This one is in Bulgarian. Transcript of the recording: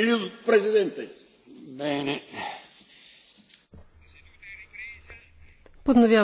Il Presidente. Bene. Подновява